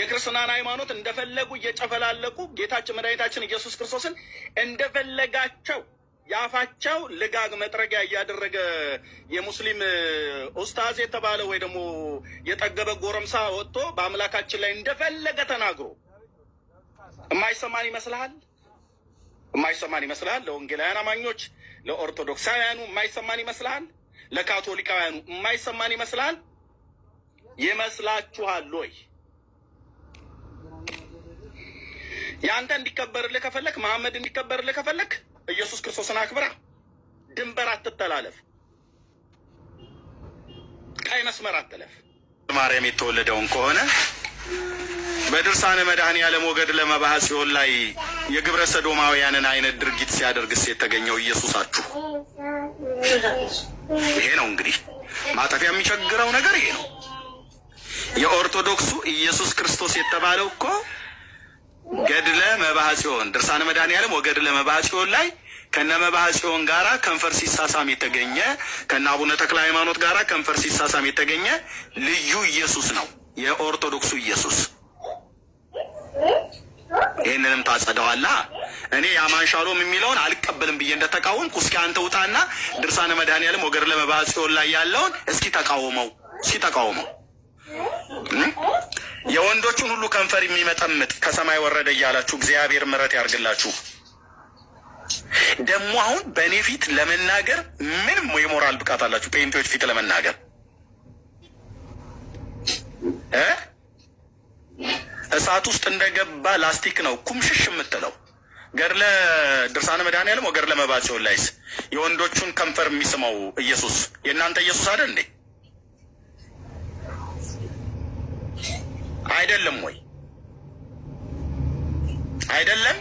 የክርስትናን ሃይማኖት እንደፈለጉ እየጨፈላለቁ ጌታችን መድኃኒታችን ኢየሱስ ክርስቶስን እንደፈለጋቸው የአፋቸው ልጋግ መጥረጊያ እያደረገ የሙስሊም ኡስታዝ የተባለ ወይ ደግሞ የጠገበ ጎረምሳ ወጥቶ በአምላካችን ላይ እንደፈለገ ተናግሮ የማይሰማን ይመስልሃል? የማይሰማን ይመስልሃል? ለወንጌላውያን አማኞች፣ ለኦርቶዶክሳውያኑ የማይሰማን ይመስልሃል? ለካቶሊካውያኑ የማይሰማን ይመስልሃል? ይመስላችኋል ወይ? የአንተ እንዲከበርልህ ከፈለክ መሐመድ እንዲከበርልህ ከፈለክ ኢየሱስ ክርስቶስን አክብራ፣ ድንበር አትተላለፍ፣ ቀይ መስመር አትለፍ። ማርያም የተወለደውን ከሆነ በድርሳነ መድኃኔ ዓለም ወገድ ለመባህ ጽዮን ላይ የግብረ ሰዶማውያንን አይነት ድርጊት ሲያደርግስ የተገኘው ኢየሱሳችሁ ይሄ ነው። እንግዲህ ማጠፊያ የሚቸግረው ነገር ይሄ ነው። የኦርቶዶክሱ ኢየሱስ ክርስቶስ የተባለው እኮ ገድለ መባህ ጽዮን ድርሳነ መድኃኔዓለም ወገድለ መባህ ጽዮን ላይ ከነ መባህ ጽዮን ጋራ ከንፈር ሲሳሳም የተገኘ ከነ አቡነ ተክለ ሃይማኖት ጋራ ከንፈር ሲሳሳም የተገኘ ልዩ ኢየሱስ ነው የኦርቶዶክሱ ኢየሱስ። ይህንንም ታጸደዋላ። እኔ የአማን ሻሎም የሚለውን አልቀበልም ብዬ እንደተቃወምኩ እስኪ አንተ ውጣና ድርሳነ መድኃኔዓለም ወገድለ መባህ ጽዮን ላይ ያለውን እስኪ ተቃወመው፣ እስኪ ተቃወመው የወንዶቹን ሁሉ ከንፈር የሚመጠምጥ ከሰማይ ወረደ እያላችሁ እግዚአብሔር ምረት ያርግላችሁ። ደግሞ አሁን በእኔ ፊት ለመናገር ምንም የሞራል ብቃት አላችሁ፣ ጴንጤዎች ፊት ለመናገር እሳት ውስጥ እንደገባ ላስቲክ ነው ኩምሽሽ የምትለው። ገድለ ድርሳነ መድኃኔዓለም ወገድለ መባቸውን ላይስ የወንዶቹን ከንፈር የሚስመው ኢየሱስ የእናንተ ኢየሱስ አይደል እንዴ? አይደለም ወይ? አይደለም።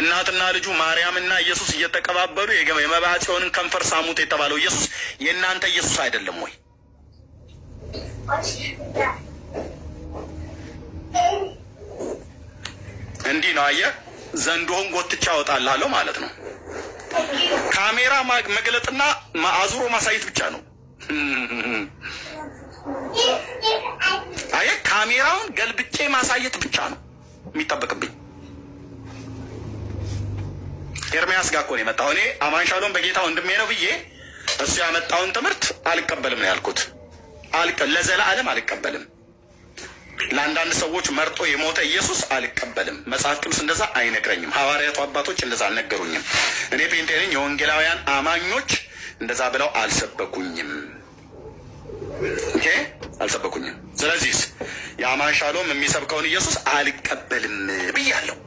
እናትና ልጁ ማርያምና ኢየሱስ እየተቀባበሉ የመባ ጽዮንን ከንፈር ሳሙት የተባለው ኢየሱስ የእናንተ ኢየሱስ አይደለም ወይ? እንዲህ ነው። አየህ፣ ዘንዶውን ጎትቻ እወጣልሃለሁ ማለት ነው። ካሜራ መግለጥና አዙሮ ማሳየት ብቻ ነው። አየ ካሜራውን ገልብጬ ማሳየት ብቻ ነው የሚጠበቅብኝ። ኤርሚያስ ጋር እኮ ነው የመጣው። እኔ አማንሻሎን በጌታ ወንድሜ ነው ብዬ እሱ ያመጣውን ትምህርት አልቀበልም ነው ያልኩት። ለዘላለም አልቀበልም። ለአንዳንድ ሰዎች መርጦ የሞተ ኢየሱስ አልቀበልም። መጽሐፍ ቅዱስ እንደዛ አይነግረኝም። ሐዋርያቱ አባቶች እንደዛ አልነገሩኝም። እኔ ጴንጤ ነኝ። የወንጌላውያን አማኞች እንደዛ ብለው አልሰበኩኝም። አልሰበኩኝም። ስለዚህ የአማን ሻሎም የሚሰብከውን ኢየሱስ አልቀበልም ብያለሁ።